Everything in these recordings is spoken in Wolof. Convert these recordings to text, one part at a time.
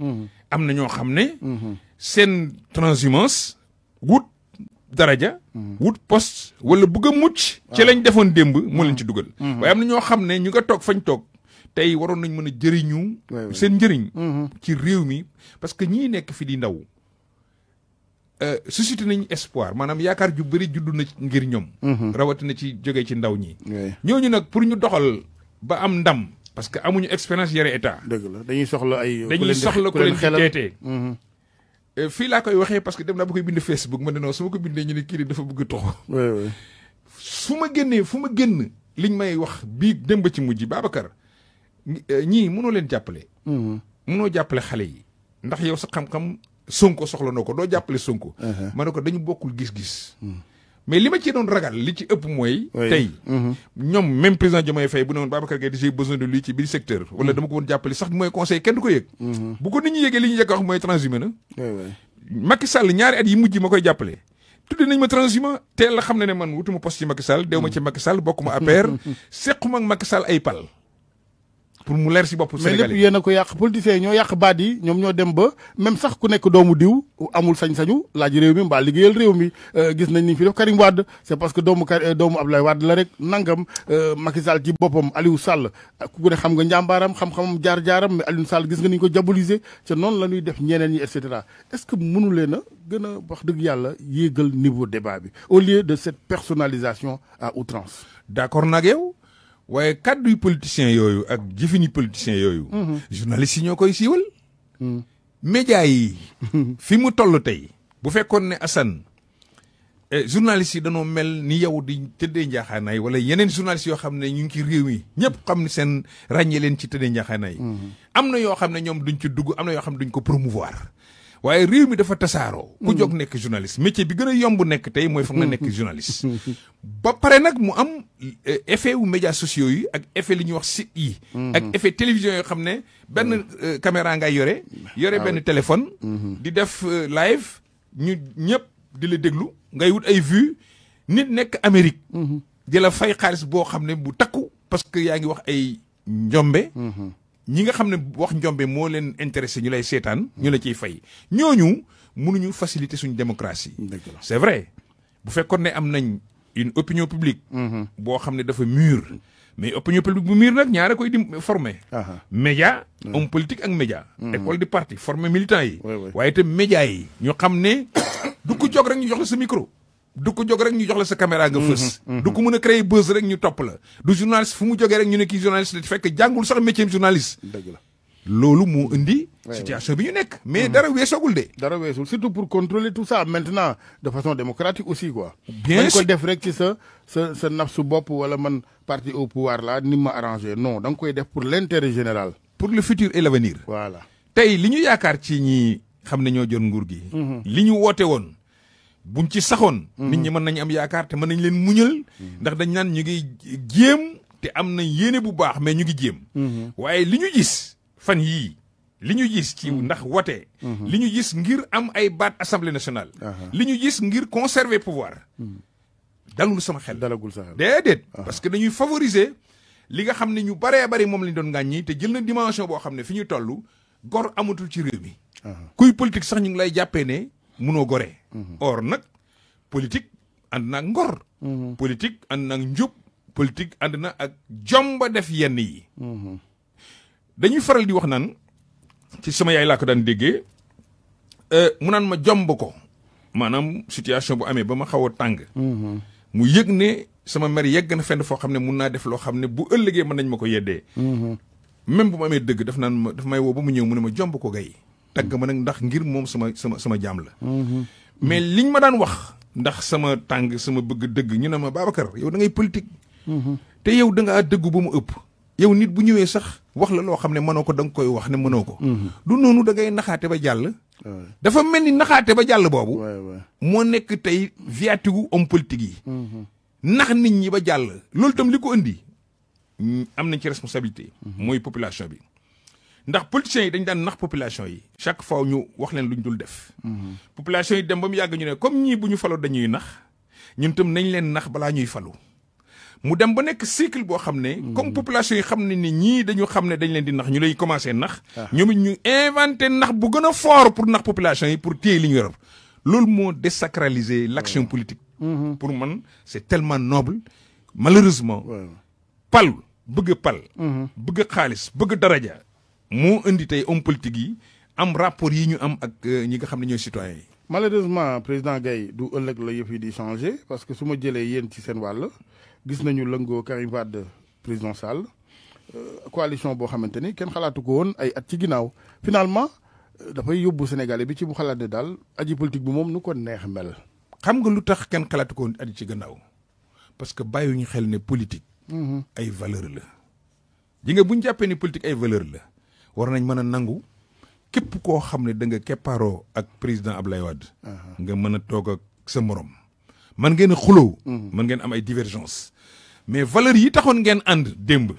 Mm-hmm. am na ñoo xam ne. Mm-hmm. seen transhumance wut daraja. Mm-hmm. wut post wala bëgg a mucc. ci lañ defoon démb moo leen ci dugal. waaye am na ñoo xam ne ñu nga toog fañ toog. tey waroon nañ mën a jëriñu. seen njëriñ. ci réew mi parce que ñii nekk fi di ndaw. Euh, suscité nañ espoir maanaam yaakaar ju bëri juddu na ngir ñoom. rawatina ci jóge ci ndaw ñi. ñooñu nag pour ñu doxal ba am ndam. parce que amuñu expérience yore état. dëgg la dañuy soxla ay. dañuy soxla ku leen di teetee mhm. euh, fii laa koy waxee parce que dem naa ba koy bind Facebook ma ne non su ma ko bindee ñu ne kii dafa bëgg tox su ma génnee fu ma génn liñ may wax bii dem ba ci mujj Babacar euh, ñii mënoo leen jàppale. Mhm. mënoo jàppale xale yi. ndax yow sa xam-xam Sonko soxla noo ko doo jàppale Sonko. Uh-huh. ma ne ko dañu bokkul gis-gis. Mm. mais li ma ci doon ragal li ci ëpp mooy. tey mhm. ñoom même président Diomaye Faye bu ne woon Babacar Gueye j'ai besoin de lui ci biir secteur. wala mhm. dama ko woon jàppale sax mooy conseil kenn du ko yëg. Mhm. bu ko nit ñi yëgee li ñu njëkk a wax mooy transhumé na. Macky Sall ñaari at yi mujj ma koy jàppale. tudde nañ ma transhumant teel la xam ne ne man wutuma poste ci Macky Sall dew ma ci Macky Sall bokk ma APR sequma ak Macky Sall ay pal. pour mu leer si bopp Sénégalais mais lépp yéen ko yàq politiciens yi ñoo yàq baat yi ñoom ñoo dem ba même sax ku nekk doomu diw amul sañ-sañu laaj réew mi mbaa liggéeyal réew mi euh, gis nañ ni fi def Karim Wade c'est parce que doomu doomu Abdoulaye Wade la rek nangam euh, Macky Sall ci boppam Aliou Sall ku ne xam nga njàmbaaram xam-xamam jaar-jaaram mais Aliou Sall gis nga ni ñu ko diaboliser te noonu la ñuy def ñeneen ñi et est-ce que mënu leen a gën a wax dëgg yàlla yéegal niveau débat bi au lieu de cette personnalisation à outrance nag yow waaye kàdduy politiciens yooyu ak jëfini politiciens yooyu. Mhm. journalistes yi ñoo koy siiwal. Mhm. média mhm. fi mu toll tey. bu fekkoon ne Assane eh, journalistes yi danoo mel ni yow di tëddee njaaxaanaay wala yeneen journalistes yoo xam ne ñu ngi ci réew mi ñëpp xam seen ràññee leen ci tëddee njaaxaanaay. am na yoo xam ne ñoom duñ ci dugg am na yoo xam ne duñ ko promouvoir. waaye réew mi dafa tasaaroo. ku mm. jóg nekk journaliste métier bi gën a yomb nekk tey mooy foog nga nekk mm. journaliste. ba pare nag mu am eh, effet wu médias sociaux yi ak effet li ñuy wax site yi. Mm-hmm. ak effet télévision yoo xam ne benn mm-hmm. euh, caméra ngay yore. yore ah benn téléphone. Mm-hmm. di def euh, live ñu ñëpp di la déglu ngay wut ay vues nit nekk Amérique. di la fay xaalis boo xam ne bu takku parce que yaa ngi wax ay njombe. ñi nga xam ne wax njombe moo leen intéressé ñu lay seetaan ñu la ciy fay ñooñu mënuñu faciliter suñu démocratie c'est vrai bu fekkoon ne am nañ une opinion publique mhm. boo xam ne dafa mûr mais opinion publique bu mûr nag ñaare koy di former média homme politique ak média mhm. école de parti former militant yi waaye itam média yi ñu xam ne du ko rek ñu jox sa micro du ko jog rek ñu jox la sa caméra nga fës. Mhm, mhm. du ko mën a créer buzz rek ñu topp la. du journaliste fu mu jogee rek ñu ne kii journaliste la fekk jàngul sax métier journaliste. la loolu moo indi. situation bi ñu nekk. mais mhm. dara weesoogul de. dara weesul surtout pour contrôler tout ça maintenant de façon démocratique aussi ko bien sûr ko def rek ci sa sa sa naf su bopp wala man parti au pouvoir la ni ma arrangé non da nga koy def pour l' général. pour le futur et voilà tey li ñu yaakaar ci ñi xam ne ñoo jot nguur gi. li ñu woote woon. buñ ci saxoon. Mm. nit ñi mën nañ am yaakaar te mën nañ leen muñal. Mm. ndax dañ naan ñu ngi jéem te am nañ yéene bu baax mais ñu ngi jéem. Mm-hmm. waaye li ñu gis fan yii li ñu gis ci mm-hmm. ndax wote. Mm-hmm. li ñu gis ngir am ay baat assemblée nationale. Uh-huh. li ñu gis ngir conserver pouvoir. dalul sama xel dalagul sa xel uh-huh. parce que dañuy favoriser li nga xam ne ñu baree bari moom lañ doon ngàññi te jël na dimension boo xam ne fi ñu toll gor amatul ci réew mi. Uh-huh. kuy politique sax ñu ngi lay jàppee ne. munoo goree. Mhm. or nag politique ànd na ak ngor. Mhm. politique ànd na ak njub. politique ànd na ak jomb def yenn yi. Mhm. dañuy faral di wax naan ci sama yaay laa ko daan déggee euh, mu naan ma jomb ko maanaam situation bu amee ba ma xaw a tàng. mu yëg ne sama mer yegg na fenn foo xam ne mun naa def loo xam ne bu ëllëgee mën nañ ma ko yeddee. même bu ma amee dëgg daf naan ma daf may woo ba mu ñëw mu ne ma jomb ko gay. tagg ma nag ndax ngir moom sama sama sama jaam la mhm. mais liñ ma daan wax ndax sama tàng sama bëgg dëgg ñu ne ma Babacar yow da ngay politique mhm. te yow da ngaa dëggu ba mu ëpp yow nit bu ñëwee sax wax la loo xam ne mënoo ko da nga koy wax ne mënoo ko lu mhm. noonu dangay naxaate ba jàll dafa mel ni naxaate ba jàll boobu moo nekk tey viatigu om politique yi nax nit ñi ba jàll loolu tam li ko indi am nañ ci responsabilité mooy population bi ndax politiciens yi dañ daan nax population yi chaque fois ñu wax leen lu ñu dul def mhm. population yi dem ba mu yàgg ñu ne comme ñii bu ñu faloo dañuy nax ñun tam nañ leen nax balaa ñuy falu mu dem ba nekk cycle boo xam ne mhm. comme population yi xam ne ni ñii dañu xam ne dañ leen di nax ñu lay commencé nax ah. ñoom it ñu inventé nax bu gën a foor pour nax population yi pour téye li ñu yor loolu moo désacraliser l'action politique mhm. pour man c'est tellement noble malheureusement pal bëgg pal bëgg xaalis bëgg daraja moo indi tey homme politique yi am rapport yi ñu am ak euh, ñi nga xam ne ñooy citoyens yi. malheureusement président Gaye du ëllëg la yëpp yi di changé parce que su ma jëlee yéen ci seen wàll gis nañu lëngoo Karim Wade président Sall euh, coalition boo xamante ni kenn xalaatu ko woon ay at ci ginnaaw finalement euh, dafay yóbbu Sénégalais bi ci bu xalaat ne daal aji politique bi moom nu ko neex mel. xam nga lu tax kenn xalaatu ko woon at ci gannaaw parce que bàyyiwuñu xel ne politique. Mhm. ay valeur la. ji nga bu ñu jàppee ni politique ay valeur la. war nañ mën a nangu képp koo xam ne da nga keppaaroo ak président ab lay Wade. Uh-huh. nga mën a toog ak sa morom. man ngeen a xuloo. mën mm-hmm. ngeen am ay divergence mais valeurs yi taxoon ngeen ànd démb.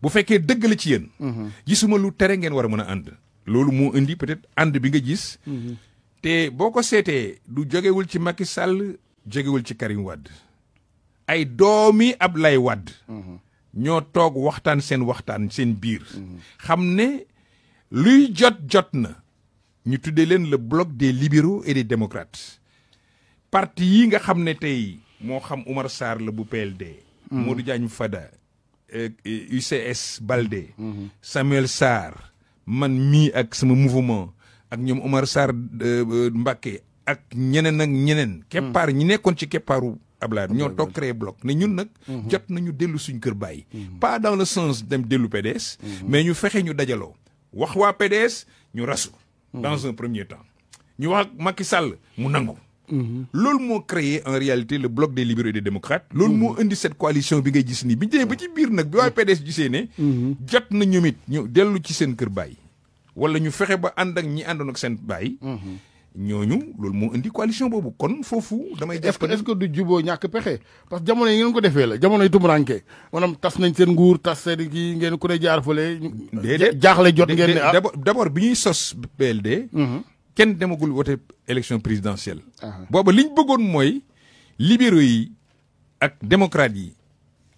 bu fekkee dëgg la ci yéen. Mm-hmm. gisuma lu tere ngeen war a mën a ànd. loolu moo indi peut-être ànd bi nga gis. Mm-hmm. te boo ko seetee du jógewul ci Macky Sall. jógewul ci Karim Wade. ay doomi lay Wade. ñoo toog waxtaan seen waxtaan seen biir. xam ne luy jot jot na. ñu tuddee leen le bloc des libéraux et des démocrates parti yi nga xam ne tey moo xam Oumar Sarr la bu PLD. Mm-hmm. Modou Diagne Fada. Eh, UCS Baldé. Mm-hmm. Samuel Sarr man mii ak sama mouvement ak ñoom Oumar Sarr euh, euh, Mbacké ak ñeneen ak ñeneen. Mm-hmm. keppaar ñi nekkoon ci keppaaru. Ablaye ñoo toog créé bloc ne ñun nag. Mhm. jot nañu dellu suñ kër bàyyi. Mhm. pas dans le sens dem dellu PDS. Mhm. mais ñu fexe ñu dajaloo. wax waa PDS ñu rasu. dans un premier temps. ñu wax ak Macky Sall mu nangu. loolu moo créer en réalité le bloc des libéraux de des démocrates. loolu moo indi cette coalition bi ngay gis nii bi ñu ba ci biir nag bi waa PDS gisee ne. jot na ñoom it ñu dellu ci seen kër bàyyi. wala ñu fexe ba ànd ak ñi àndoon ak seen bàyyi. ñooñu loolu moo indi coalition boobu kon foofu damay. def est que du juboo ñàkk pexe parce que jamono yi ngeen ko defee la jamono yi tumuranke maanaam tas nañ seen nguur tas seen kii ngeen ku ne jaar fële. le jaaxle jot ngeen ne ah d'abord bi ñuy sos PLD. Mhm. kenn demagul wote élection présidentielle. Ah. booba li ñu bëggoon mooy libéraux yi ak démocrates yi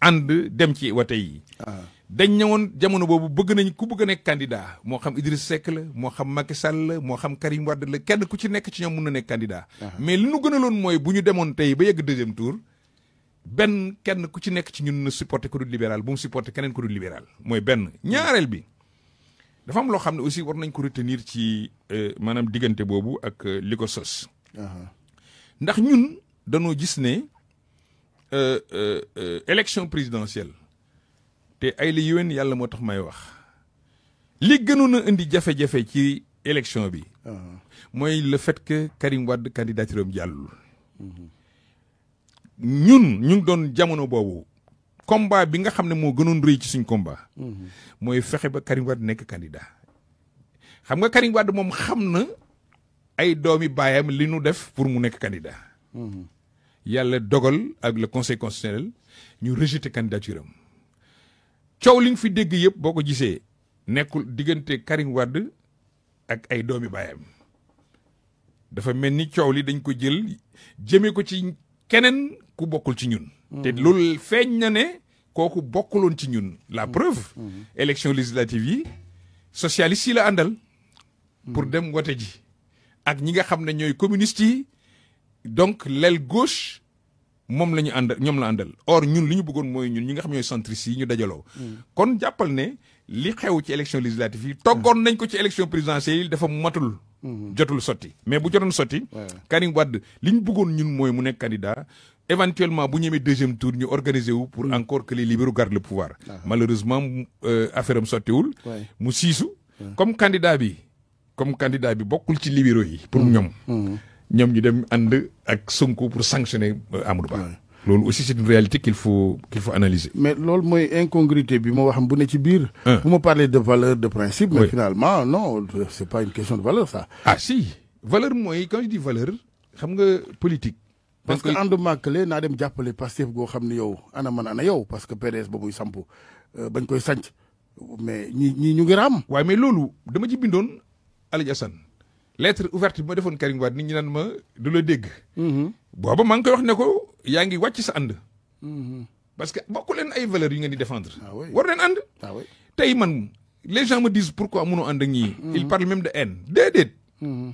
ànd dem ci wote yi. Ah. dañ ñëwoon jamono boobu bëgg nañ ku bëgg a nekk candidat moo xam Idriss Seck la moo xam Macky Sall la moo xam Karim Wade la kenn ku ci nekk ci ñoom mun na nekk candidat. Uh-huh. mais li nu gënaloon mooy bu ñu demoon tey ba yegg deuxième tour. benn kenn ku ci nekk ci ñun na supporté ko du libéral bu mu supporté keneen ko du mooy benn ñaareel bi dafa am loo xam ne aussi war nañ ko retenir ci euh, maanaam diggante boobu ak euh, li ko sos. Uh-huh. ndax ñun danoo gis ne euh, élection présidentielle. te ay la yéwén yàlla moo tax may wax li gënoon a indi jafe-jafe ci élection bi. Uh-huh. mooy le fait que Karim Wade candidature am jàllul. ñun ñu ngi doon jamono boobu. combat bi nga xam ne moo gënoon rëy ci suñ combat. Uh-huh. mooy fexe ba Karim Wade nekk candidat. xam nga Karim Wade moom xam na ay doomi baayam li nu def pour mu nekk candidat. Uh-huh. yàlla dogal ak le conseil constitutionnel ñu rejeté candidature am. coow li nga fi dégg yëpp boo ko gisee nekkul diggante Karim Wade ak ay doomi baayam dafa mel ni coow li dañ ko jël jëmee ko ci keneen ku bokkul ci ñun. te mm-hmm. loolu feeñ na ne kooku bokkuloon ci ñun. la mm-hmm. preuve. Mm-hmm. élection législative yi socialiste yi la àndal. pour dem wote ji. ak ñi nga xam ne ñooy communiste yi donc lel gauche. moom la ñu ànd ñoom la àndal or ñun li ñu bëggoon mooy ñun ñi nga xam ñooy centristes yi ñu dajaloo. Hmm. kon jàppal ne li xew ci élection législative yi. toggoon hmm. nañ ko ci élection présidentielle yi dafa matul. Hmm. jotul sotti mais bu jotoon sotti. Karim Wade li ñu bëggoon ñun mooy mu nekk candidat. éventuellement bu ñemee deuxième tour ñu organiser wu pour encore que les libéraux gardent le pouvoir. Ah. malheureusement euh, affaire am sottiwul. mu siisu. comme candidat bi comme kandida bi bokkul ci libéraux yi. pour ñoom. ñoom ñu dem ànd ak Sonko pour sanctionner euh, Amadou Ba. loolu aussi c'est une réalité qu'il faut qu'il faut analyser. mais loolu mooy incongruité bi ma wax bu ne ci biir. bu ma parler valeur de principe. mais finalement non c'est pas une question de valeur ah, mooy quand valeur xam nga politique. parce que ànd màkkale naa dem jàppale Pastef goo xam ne yow ana man ana yow parce que PDS ba muy sampu euh, bañ koy sanc mais ñi ñi ñu ngi raam. waaye mais loolu dama ci bindoon Alioune Assane lettre ouverte bi ma defoon Karim Wade nit ñi naan ma du la dégg. Mhm. booba maa ngi koy wax ne ko yaa ngi wàcc sa ànd. Mhm. parce que bokku leen ay valeurs yu ngeen di défendre. Ah war leen ànd. Ah tey man les gens me disent pourquoi mënoo ànd ak ñii. Mhm. ils parlent même de haine déedéet.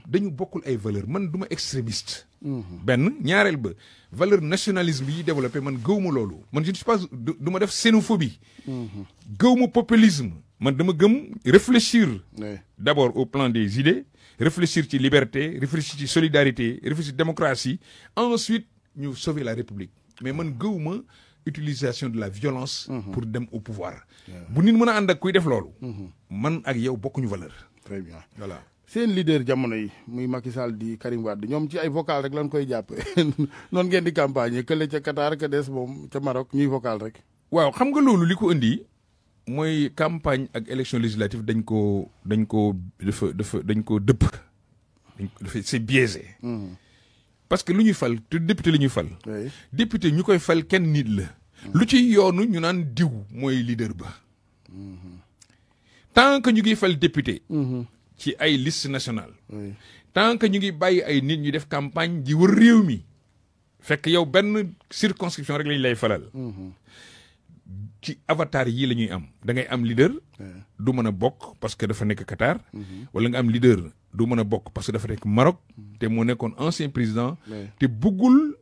dañu bokkul ay valeur man du ma extrémiste. benn ñaareel ba valeur nationalisme yi développé man gëw ma loolu. man je ne suis pas du ma def xénophobie. gëw ma populisme. man dama gëm réfléchir. d' abord au plan des idées. réfléchir ci liberté réfléchir ci solidarité réfléchir ci démocratie ensuite ñu sauver la république mais man gëwuma utilisation de la violence mhm. pour dem au pouvoir bu nit mën a ànd ak kuy def loolu mhm. man ak yow bokkuñu valeur très bien voilà seen leader jamono yi muy Macky Sall di Karim Wade ñoom ci ay vocal rek lañ koy jàppe noonu ngeen di campagne kële ca Qatar ka des moom ca Maroc ñuy vocal rek waaw xam nga loolu li ko indi mooy campagne ak élection législative dañ ko dañ ko dafa dafa dañ ko dëpp dañ ko dafa c'est biaisé mm. parce que lu ñuy fal te député ñuy fal député ñu koy fal kenn nit la mm. lu ci yoonu ñu naan diw mooy leader ba mm-hmm. tant que ñu ngi fal député mm-hmm. ci ay liste nationale tant que ñu ngi bàyyi ay nit ñu def campagne di wër réew mi fekk yow benn circonscription rek lañ lay falal mm-hmm. ci avatar yii la ñuy am dangay am leader. du mën a bokk parce que dafa nekk Qatar. Mhm. wala nga am leader du mën a bokk parce que dafa nekk Maroc. Mhm. te moo nekkoon ancien président. te buggul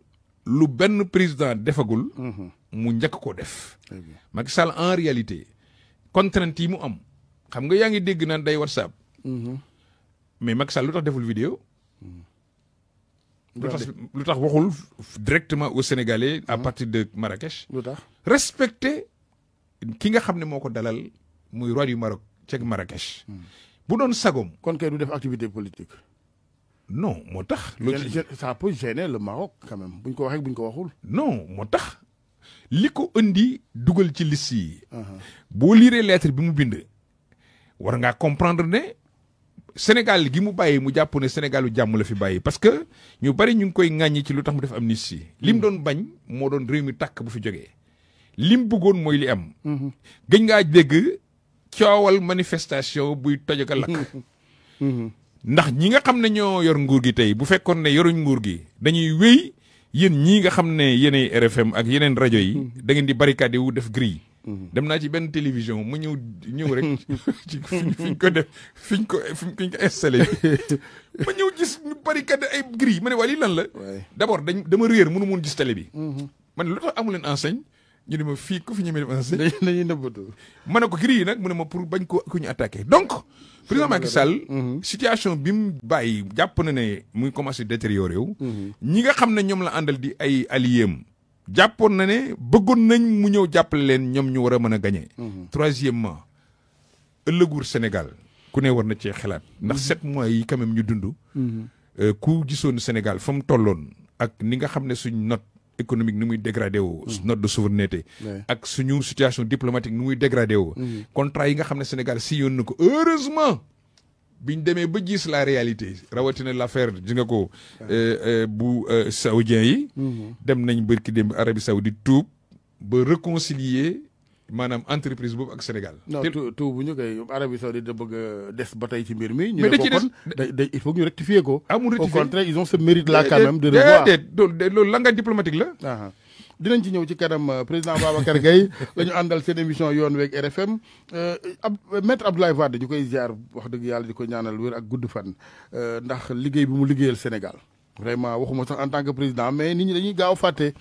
lu benn président defagul. Mhm. mu njëkk ko def. Macky Sall en réalité contrainte yi mu am xam nga yaa ngi dégg naan day WhatsApp. mais Macky Sall lu tax deful vidéo. lu tax waxul directement au Sénégalais. à partir de Marrakech. lu tax respecter. ki nga xam ne moo ko dalal muy roi du Maroc ceeg Marrakech. bu doon sagoom kon kay du def activité politique. non moo tax. loo ci ça peut gêner le Maroc quand bu buñ ko waxee buñ ko waxul. non moo tax li ko indi dugal ci liste yi. Uh-huh. boo liiree lettre bi mu bind. war ngaa comprendre ne Sénégal gi mu bàyyi mu jàpp ne Sénégalu jàmm la fi bàyyi parce que ñu bari ñu ngi koy ŋàññi ci lu tax mu def amnistie. li mu hmm. doon bañ moo doon réew mi tàkk bu fi jógee. lim bëggoon mooy li am. Mhm. gëj ngaa dégg coowal manifestation buy toj ak lakk. Mhm. Mhm. ndax ñi nga xam ne ñoo yor nguur gi tey bu fekkoon ne yoruñ nguur gi dañuy wéy yéen ñii nga xam ne yeneen RFM ak yeneen rajo yi. da ngeen di barricade wu def grille. dem naa ci benn télévision mu ñëw ñëw rek fiñ ko def ma ñëw gis ñu barricade ay grille ma ne waa lan la d'abord dañ dama réer mënu mun gis télé bi man lu tax amu leen enseigne ñu ne ma fii ku fi ñemee def ANACIM. ne ko gris yi nag mu ne ma pour bañ ko ku ñu attaqué donc. président Macky Sall. Mm-hmm. situation bi mu bàyyi jàpp na ne muy commencé détérioré wu. Mm-hmm. ñi nga xam ne ñoom la àndal di ay alliéem. jàppoon na ne bëggoon nañ mu ñëw jàppale leen ñoom ñu war a mën a gagné. Mm-hmm. troisièmement ëllëguur Sénégal ku ne war na cee xalaat. ndax sept mois yi quand même ñu dund. Euh, ku gisoon Sénégal fa mu tolloon ak ni nga xam ne suñ not. économique nu muy dégradé woo. Mm-hmm. notre souveraineté. ak suñu situation diplomatique nu muy dégradé woo. Mm-hmm. contrat yi nga xam ne Sénégal si signé na ko heureusement. biñ demee ba gis la réalité rawatina la affaire ji ko. Euh, euh, bu euh, saoudien yi. Mm-hmm. dem nañ barki démb Arabie Saoudite tuub ba réconcilier. maanaam entreprise boobu ak Sénégal. non tout bu ñu koy Arabie Saoudite da bëgg a des ba tey ci mbir mi. ñu ne ko kon day il faut que ñu rectifier ko. amul ah, rectifier au contraire ils ont ce mérite là quand même. de revoir déedéet loolu langage diplomatique la. Ah, ah. dinañ ci ñëw ci kanam euh, président Babacar Gueye la ñu àndal seen émission yoon weeg RFM euh, ab maître Abdoulaye Wade ñu koy ziar wax dëgg yàlla di ko ñaanal wér ak gudd fan euh, ndax liggéey bi mu liggéeyal Sénégal vraiment waxuma sax en tant que président mais nit ñi dañuy gaaw fàtte.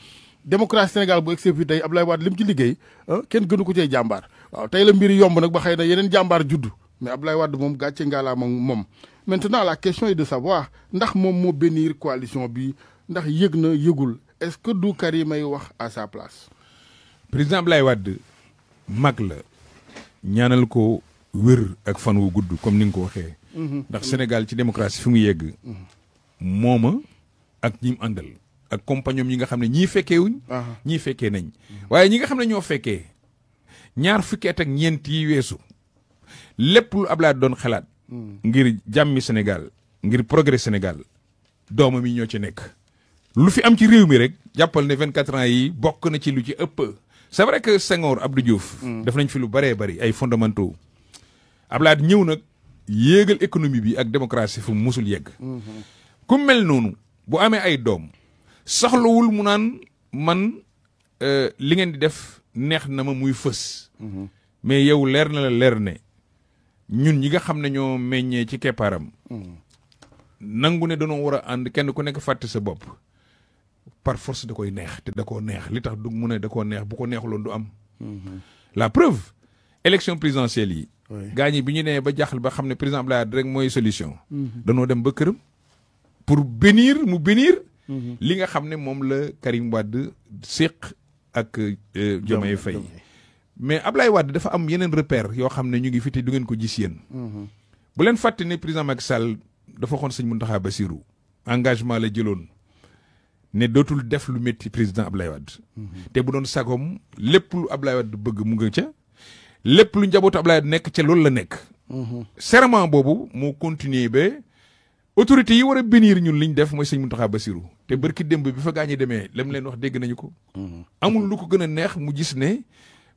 démocratie Sénégal bu egsi fii tey Abdoulaye Wade li mu ci liggéey ah, kenn gënu ko cee jàmbaar waaw tey la mbir yomb nag ba xay na yeneen jàmbaar judd mais Abdoulaye Wade moom gàcce ngaalaama moom. maintenant la question est de savoir ndax moom moo bénir coalition bi ndax yëg na yégul est-ce que du Karim ay wax à sa place. président lay Wade mag la ñaanal ko wér ak fan wu gudd comme ni nga ko waxee. Mhm. ndax Sénégal ci démocratie fi mu yegg. mooma ak ñi ak compagnon ñi nga xam ne ñii fekkee wuñ. ñii fekkee nañ. Mhm. waaye ñi nga xam ne ñoo fekkee ñaar fukki at ak ñeent yi weesu lépp lu Ablaye doon xalaat. Mhm. ngir jàmmi Sénégal ngir progrès Sénégal doomam yi ñoo ci nekk. lu fi am ci réew mi rek jàppal ne 24 ans yi bokk na ci lu ci ëpp. c'est vrai que Senghor Abdou Diouf. Mhm. def nañ fi lu bëree bëri ay fondamentaux. Ablaye ñëw nag yéegal économie bi ak démocratie fu mu mosul yegg. ku mel noonu bu amee ay doom. soxlawul mu naan man euh, li ngeen di def neex na ma muy fës. Mhm. mais yow leer na la leer ne ñun ñi nga xam ne ñoo meññee ci keppaaram. Mhm. nangu ne danoo war a ànd kenn ku nekk fàtte sa bopp. par force da koy neex te da koo neex li tax du mun a da koo neex bu ko neexuloon du am. Mhm. la preuve élection présidentielle yi. gaa ñi bi ñu nee ba jaaxal ba xam ne président Abdoulaye Wade rek mooy solution. danoo dem ba këram. pour bénir mu bénir. Mhm. li nga xam ne moom la Karim Wade séq ak euh, Diomaye Faye mais Ablaye Wade dafa am yeneen repère yoo xam ne ñu ngi fii te du ngeen ko gis yéen mhm. bu leen fàtte ne président Macky Sall dafa xoon sëñ Mountakha Bassirou engagement la jëloon ne dootul def lu métti président Ablaye Wade mhm. te bu doon sagoom lépp lu Ablaye Wade bëgg mu ngi ca lépp lu njabootu Ablaye Wade nekk ca loolu la nekk serment boobu moo continuer ba autorités yi war a bénir ñun li ñu def mooy sëñ Mountakha Bassirou te mm-hmm. barki démb bi fa gaañee demee lam leen wax dégg nañu ko. Mm-hmm. amul lu ko gën neex mu gis ne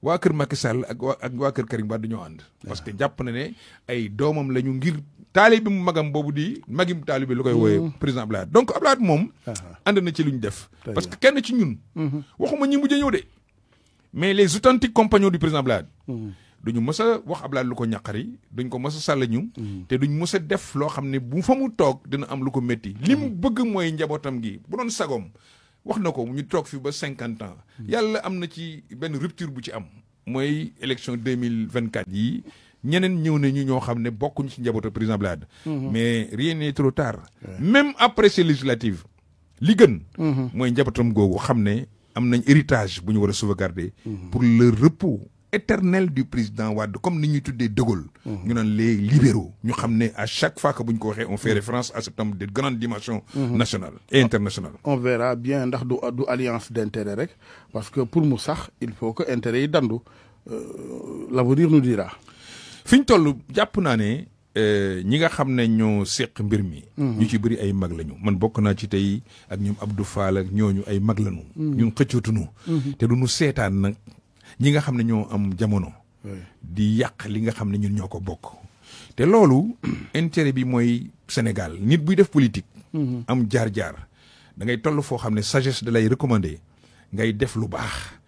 waa kër Macky Sall ak waa ak waa kër Karim Wade dañoo ànd. parce que jàpp na ne ay doomam lañu ngir taalibe mu magam boobu di magim taalibe lu koy wooyee mm-hmm. président Abdoulaye donc Abdoulaye moom. Uh-huh. ànd na ci lu ñu def. parce que kenn ci ñun. waxuma ñi mujj ñëw de mais les authentiques compagnons du président Abdoulaye. duñu mës a wax Ablaye lu ko ñaqari duñ ko mës a sàll ñu mm. te duñ mës a def loo xam ne bu fa mu toog dina am lu ko métti li mu mm. bëgg mooy njabootam gi bu doon sagoom wax na ko ñu toog fi ba cinquante ans mm. yàlla am na ci benn rupture bu ci am mooy élection deux mille vingt quatre yi ñeneen ñëw nañu ñoo xam ne bokkuñu ci njabootu président Ablaye mm-hmm. mais rien n'est trop tard même après ces législatives li gën mm-hmm. mooy njabootam googu xam ne am nañ héritage bu ñu war a sauvegarder mm-hmm. pour le repos éternel du président Wade comme ni ñuy tuddee De Gaulle. Mhm. ñu naan les libéraux. ñu xam ne à chaque fois que bu ñu ko waxee on fait mhm. référence à cet de grande dimension. Mhm. nationale et ah, internationale. on verra bien ndax du du alliance d' intérêt rek parce que pour mu sax il faut que intérêt yi dandu euh, l' avenir nous dira. fi ñu toll jàpp naa ne euh, ñi nga xam ne ñoo seq mbir mi. ñu ci bëri ay mag lañu man bokk naa ci tey ak ñoom Abdou Fall ak ñooñu ay mag la ñun xëccootuñu. te du seetaan nag. ñi nga xam ne ñoo am jamono. di yàq li nga xam ne ñun ñoo ko bokk. te loolu intérêt bi mooy Sénégal nit buy def politique. Mhm. am jaar-jaar dangay toll foo xam ne sagesse da lay recommander ngay def lu baax.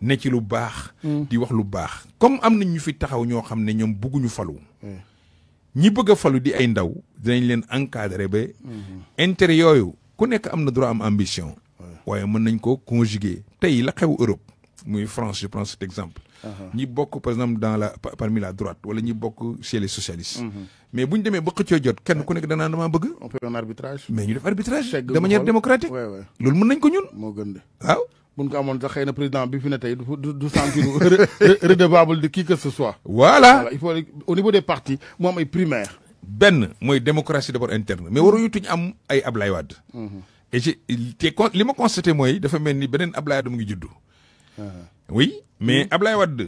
ne ci lu baax. Mhm. di wax lu baax. comme am na ñu fi taxaw ñoo xam ne ñoom bëgguñu falu. ñi bëgg a falu di ay ndaw dinañ leen encadrer ba. Mhm. intérêt yooyu ku nekk am na droit am ambition. waaye mën nañ ko conjuguer tey la xew Europe. muy France je cet exemple. Uh-huh. ñi bokk par exemple dans la parmi la droite wala ñi bokk chez les socialistes. Uh-huh. mais bu ñu demee ba xëccoo jot kenn ku nekk danaa damaa bëgg. on peut un arbitrage. mais ñu def arbitrage. de démocratique. loolu mën nañ ko ñun. waaw. buñ ko amoon sax xëy na président bi fi ne tey du du sentir redevable de qui que ce soit. voilà au niveau des partis mu am ay primaires. benn mooy démocratie d'abord interne mais waruñu tuñ am ay Ablaye Wade. Uh-huh. et je li ma constaté mooy dafa mel ni beneen Ablaye Wade ngi juddu. Uh-huh. oui mais mm-hmm. Ablaye Wade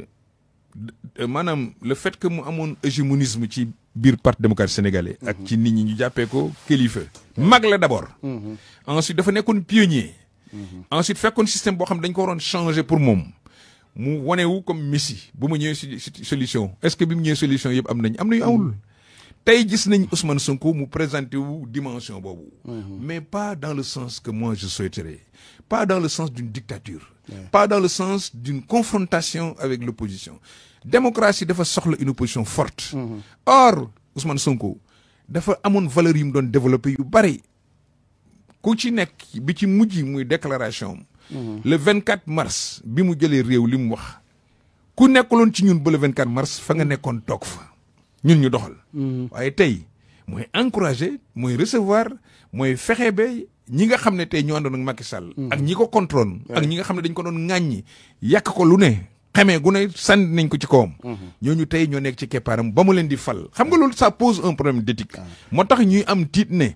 maanaam le fait que mu amoon hégémonisme ci biir parti démocratique sénégalais. ak mm-hmm. ci nit ñi ñu jàppee ko kilifa. mag la d' abord. Mm-hmm. ensuite dafa nekkoon pionnier. ensuite fekkoon système boo xam dañ ko waroon changer pour moom. mu wane wu comme Messi bu ma ñëwee solution est ce bi mu ñëwee solution yëpp am nañ am nañu awul. tey gis nañ Ousmane Sonko mu présenté wu dimension boobu. mais pas dans le sens que moi je souhaiterais pas dans le sens d'une dictature. pas dans le sens d'une confrontation avec l'opposition démocratie dafa soxla une opposition forte. Mm-hmm. or Ousmane Sonko dafa amoon valeur yu mu doon développé yu bari ku ci nekk bi ci mujj muy déclaration am. Mm-hmm. le 24 mars bi mu jëlee réew li mu wax. ku nekkaloon ci ñun ba le 24 mars fa nga nekkoon toog fa. ñun ñu doxal. Mm-hmm. waaye tey mooy encourager mooy recevoir mooy fexe ba ñi nga xam ne tey ñoo àndoon ak Macky Sall. Mm-hmm. ak ñi ko contrôle ak ñi nga xam ne dañ ko doon ñi yàq ko lu ne. xamee gu ne sànni nañ ko ci kawam. Mm-hmm. ñooñu tey ñoo nekk ci keppaaram ba mu leen di fal xam nga loolu ça pose un problème d'éthique. moo tax ñuy am tiit ne.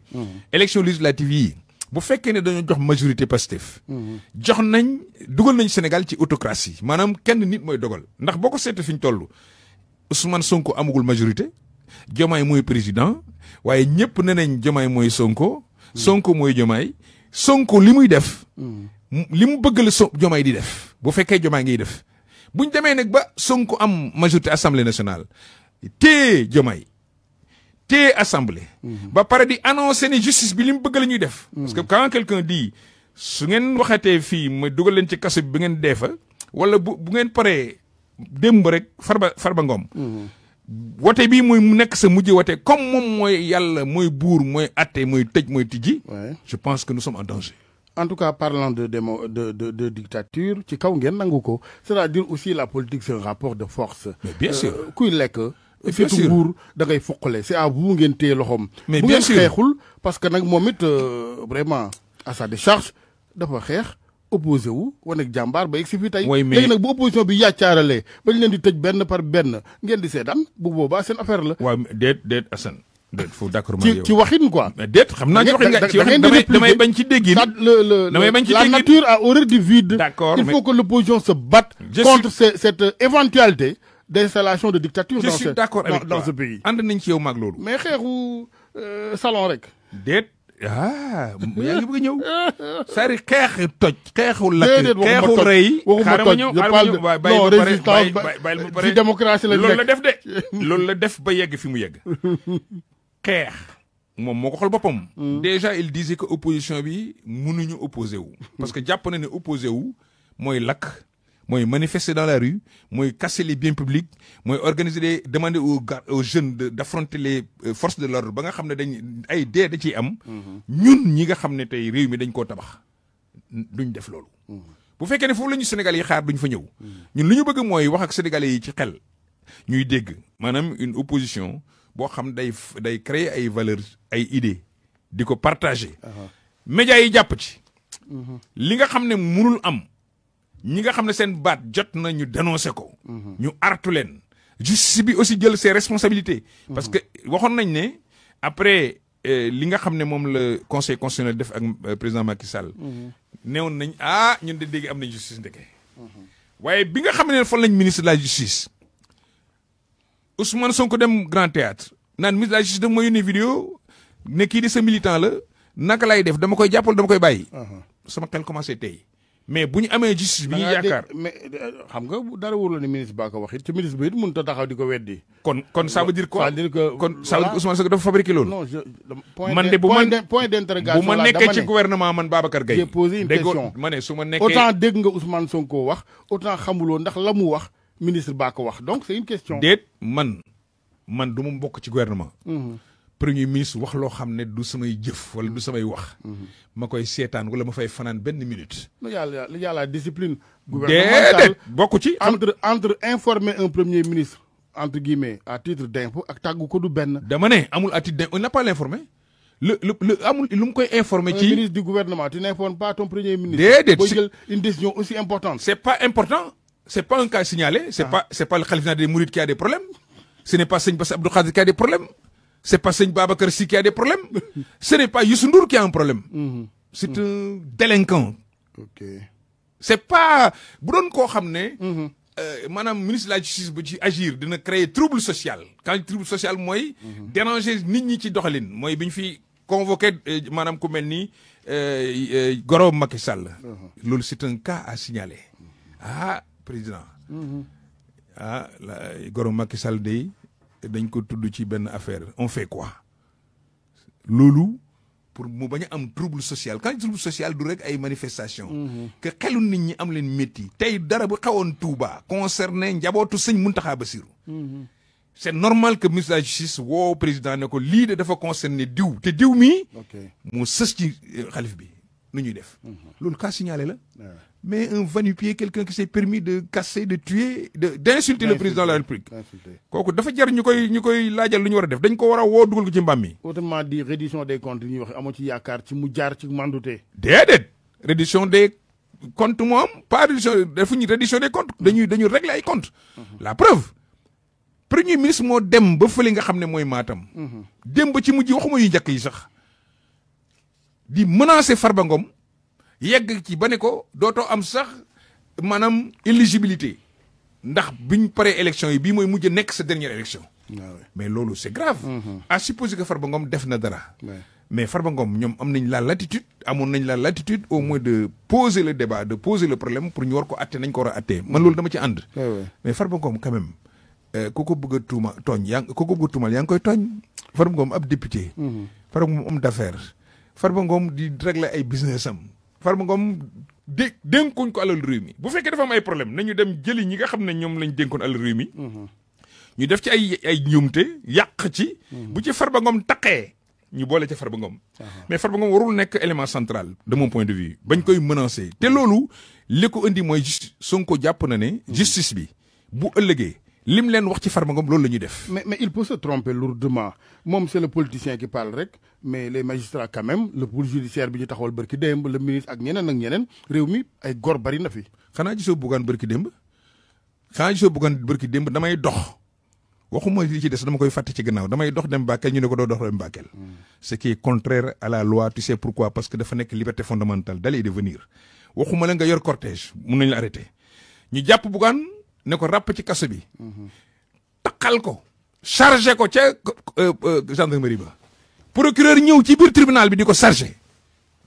élection législative yi bu fekkee ne dañoo jox majorité Pastef. jox nañ dugal nañ Sénégal ci autocratie maanaam kenn nit mooy dogal ndax boo ko seetee fi ñu toll. Ousmane Sonko amagul majorité Diomaye mooy président waaye ñëpp ne nañ Diomaye mooy Sonko. Sonko mooy Diomaye Sonko li muy def. li mu bëgg la so Diomaye di def bu fekkee Diomaye ngay def bu ñu demee nag ba Sonko am majorité assemblée nationale téye Diomaye téye assemblée. Mhm. ba pare di annoncer ne justice bi li mu bëgg la ñuy def. Mhm. parce que quand quelqu'un dit su ngeen waxatee fii mooy dugal leen ci kaso bi ngeen dee fa wala bu bu ngeen paree. démb rek farba farba ngoom. Mhm. wote bii mooy nekk sa mujj wote comme moom mooy yàlla mooy buur mooy atte mooy tëj mooy tijji. je pense que nous sommes en danger. en tout cas parlant de démo de de ci kaw ngeen nangu ko c'est-à-dire aussi la politique c'est un rapport de force. mais bien euh, sûr kuy lekk. bien sûr nguur da ngay foqale c'est à vous ngeen téye loxoom. mais bien sûr bu parce que nag moom it euh, vraiment à sa décharge dafa xeex. opposé wu wane ak jàmbaar ba yegg si fii tey. léegi nag bu opposition bi yàccaaralee ba ñu leen di tëj benn par benn ngeen di seetaan bu boobaa seen affaire la. waaw déet déet Assane. déet foofu d'accord ma yow ci waxin quoi. déet xam naa ci waxin nga ci waxin damay damay bañ ci déggin. damay la nature a horreur du vide. d'accord il faut que l'opposition se batte. contre cette éventualité d'installation de dictature. dans ce dans ce pays. ànd nañ ci yow mag loolu. mais xeexu euh, salon rek. ah yaa ngi bëgg a ñëw. sari xeex toj. xeexul lakk xeexul rëy. waxuma toj waxuma bay ba non résistance ba ci démocratie la loolu la def de. loolu la def ba yegg fi mu yegg. xeex. moom moo ko xool boppam. Hmm. déjà il disait que opposition bi mënuñu opposé wu. parce que jàpp na ne opposé wu mooy lakk. mooy manifester dans la rue mooy casser les biens publics mooy organiser les demander aux aux jeunes d'affronter les euh, forces de l'ordre ba nga xam ne dañ ay dee da ciy am. Mm-hmm. ñun ñi nga xam ne tey réew mi dañ koo tabax duñ def loolu. Mm-hmm. bu fekkee ne foofu la ñu Sénégal yi xaar duñ fa ñëw. Mm-hmm. ñun li ñu bëgg mooy wax ak sénégalais yi ci xel ñuy dégg maanaam une opposition boo xam day day créer ay valeurs ay idées di ko partager. Uh-huh. médias yi jàpp ci. li nga xam ne mënul am. ñi nga xam ne seen baat jot na ñu dénoncé ko. Mhm. ñu artu leen. justice bi aussi jël see responsabilités. Mhm. parce que waxoon nañ ne après euh, li nga xam ne moom la conseil constitutionnel def ak euh, président Macky Sall. Mhm. neewoon nañ ah ñun de dégg am nañ justice ndeke. waaye bi nga xam ne fan lañ ministre de la justice Ousmane Sonko dem Grand Théâtre naan ministre de la justice daf ma yónnee vidéo ne kii di sa militant la naka laay def dama koy jàppal dama koy bàyyi. Uh-huh. sama xel commencé tey. mais bu ñu amee justice bi ñuy yaakaar mais euh, xam nga dara wóor la ne ministre ba ko wax it te ministre bi taxaw di ko weddi. kon kon ça veut dire quoi ça veut dire que kon ça veut dire que Ousmane Sonko dafa fabriqué loolu. non je man de bu man point ne su ma nekkee. autant dégg nga Ousmane Sonko wax autant ndax la mu wax ministre baa ko wax donc c'est une question. déet man man du ma bokk ci gouvernement. Mhm. premier ministre wax loo xam ne du samay jëf wala du mm-hmm. samay wax. Mm-hmm. ma koy seetaan wala ma fay fanaan benn minute. lu yàlla lu yàlla discipline. bokk ci. entre entre informer un premier ministre. entre guillemets ko du benn. dama ne amul à titre d'info on n'a pas l'informé le le le amul lu mu koy informé. ci ministre du gouvernement tu n'informes pas ton premier ministre. déedéet boo une décision aussi importante. c'est pas important c'est pas un cas signalé. c'est ah. pas c'est pas le khalife des mourides qui a des problèmes. ce pas sëñ Bass Abdou Khadre qui a des c'est pas Sëñ Babacar Sy qui a des problèmes ce n'est pas Youssou Ndour qui a problème mhm. c'est un délinquant ok c'est pas bu koo xam ne mhm. euh, maanaam ministre de la justice bu ci agir dina créer trouble social quand trouble social mooy mhm. déranger nit ñi ci doxalin mooy bi ñu fi convoqué euh, maanaam ku mel ni euh, goro Macky Sall loolu c'est un cas à ah président ah, la goro Macky Sall dañ ko tudd ci benn affaire on fait quoi loolu pour mu bañ am trouble social quand trouble social du rek ay manifestation mhm. que xelu nit ñi am leen métti tey dara bu xewoon Touba concerné njabootu sëñ Muntaxa Basiru mhm. c'est normal que ministre de la justice woo président ne ko lii de dafa concerné diw te diw mi moo sës ci xalif bi nu ñuy def. Mhm. loolu cas signalé la. mais un va-nu-pieds quelqu'un permis de casser de tuer de d'insulter le président de la république. kooku dafa jar ñu koy ñu koy laajal lu ñu war def dañ ko war a woo dugal ko ci mbaam mi. autrement dit reddition des comptes yi ñuy wax ci mu jaar ci mandute. des comptes moom pas reddition defuñu reddition des comptes dañuy dañuy régler ay comptes. Mhm. la preuve premier ministre moo dem ba fële nga xam ne mooy Matam. Mhm. dem ba ci mujj waxuma yi njëkk yi sax. di menacer Farba Ngom yegg ci ba ne ko dootoo am sax maanaam éligibilité ndax biñ paree élection yi bii mooy mujj nekk sa dernière élection. Ah mais loolu c'est grave. Mm-hmm. à supposer que Farba def na dara. mais Farba Ngom ñoom am nañ la latitude amoon nañ la latitude au moins de poser le débat de poser le problème pour ñu war ko atte nañ ko war atte man loolu dama ci ànd. mais Farba Ngom quand même. Euh, ku ko bëgg a tuuma tooñ yaa ku ko bëgg tuumal yaa ngi koy tooñ. Farba Ngom ab député. Mm-hmm. Farba Ngom homme d'affaires. Farba Ngom di régler ay business am Farba Ngom dé dénkuñ ko alal réew mi bu fekkee dafa ay problème nañu dem jëli ñi nga xam ne ñoom lañ dénkoon alal réew mi. Mhm. ñu def ci ay ay njuumte yàq ci. Mhm. bu ci Farba Ngom taqee ñu boole ca Farba Ngom. Uh-huh. mais Farba Ngom warul nekk élément central. de mon point de vue bañ koy menacer te loolu li ko indi mooy Sonko jàpp na ne. Mhm. justice bi bu ëllëgee. lim leen wax ci Farba Ngom loolu la ñuy def. mais mais il peut se tromper lourdement moom c' est le politicien qui parle rek mais les magistrats quand même le pôle judiciaire bi ñu le ministre ak ñeneen ak ñeneen réew mi ay gor bari na fi. xanaa gisoo buggaan bërki démb xanaa gisoo buggaan bërki démb damay dox waxuma li ci des dama koy fàtte ci gannaaw damay dox dem Bakel ñu ne ko doo dox dem Bakel. Hmm. ce qui est contraire à la loi tu sais pourquoi parce que dafa nekk liberté fondamentale d'aller et de venir waxuma la nga yor cortège mun nañ jàpp buggaan. ne ko ràpp ci kaso bi. taqal ko. chargé ko ca euh, euh, gendarmerie ba. procureur ñëw ci biir tribunal bi di ko chargé.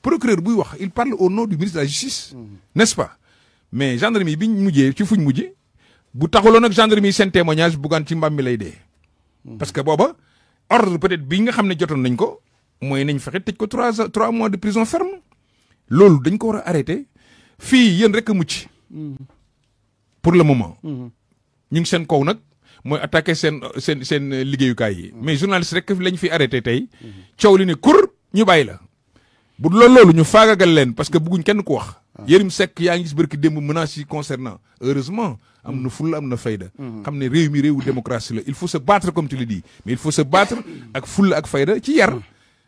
procureur buy wax il parle au nom du ministre de la justice. Mm-hmm. n'est-ce pas mais gendarmerie bi mujjee ci fuñ mujjee. bu taxuloon ak gendarmerie seen témoignage buggaan ci mbam mi lay dee. Mm-hmm. parce que booba ordre peut-être bi nga xam ne jotoon nañ ko. mooy nañ fexe tëj ko trois trois mois de prison ferme. loolu dañ ko war a arrêté. fii yéen rek a mucc. Mm-hmm. pour le moment. Mhm. ñu ngi seen kow nag mooy attaqué seen seen seen liggéeyukaay yi. Mhm. mais journaliste rek lañ fi arrêté tey. Mhm. coow li ne kur ñu bàyyi la. bu loolu loolu ñu faagagal leen parce que bëgguñ kenn ku wax. Ah. Yérim Seck yaa ngi gis barki démb menaces yi concernant heureusement. am na fulla am na fayda. xam ne réew mi réewu démocratie la il faut se battre comme tu le dis mais il faut se battre ak fulla ak fayda ci yar. Ah.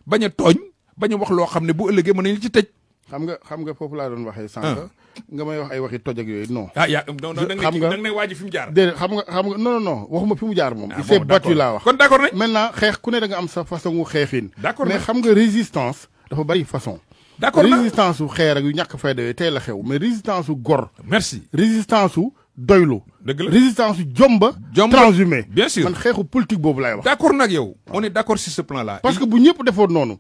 bañ a tooñ bañ a wax loo xam ne bu ëllëgee mën nañu ci tëj. xam nga xam nga foofu laa doon waxee. sànq ah. nga may wax ay waxi toj yooyu non. ah yaa non non da nga ne fi mu jaar. déedéet xam nga xam nga non non waxuma fi mu jaar moom. Ah, laa wax. kon d'accord nañ maintenant nga am sa façon wu xeexin. d'accord mais xam nga résistance dafa bari façon. d'accord résistance su xeer ak yu ñàkk fayda yooyu tey xew mais résistance su gor. merci résistance su doylu. dëgg la résistance jomba. jomba transhumé bien sûr man xeexu politique boobu laay wax. d'accord nag yow. Ah. on est d'accord sur ce plan là. parce que bu ñëpp defoon noonu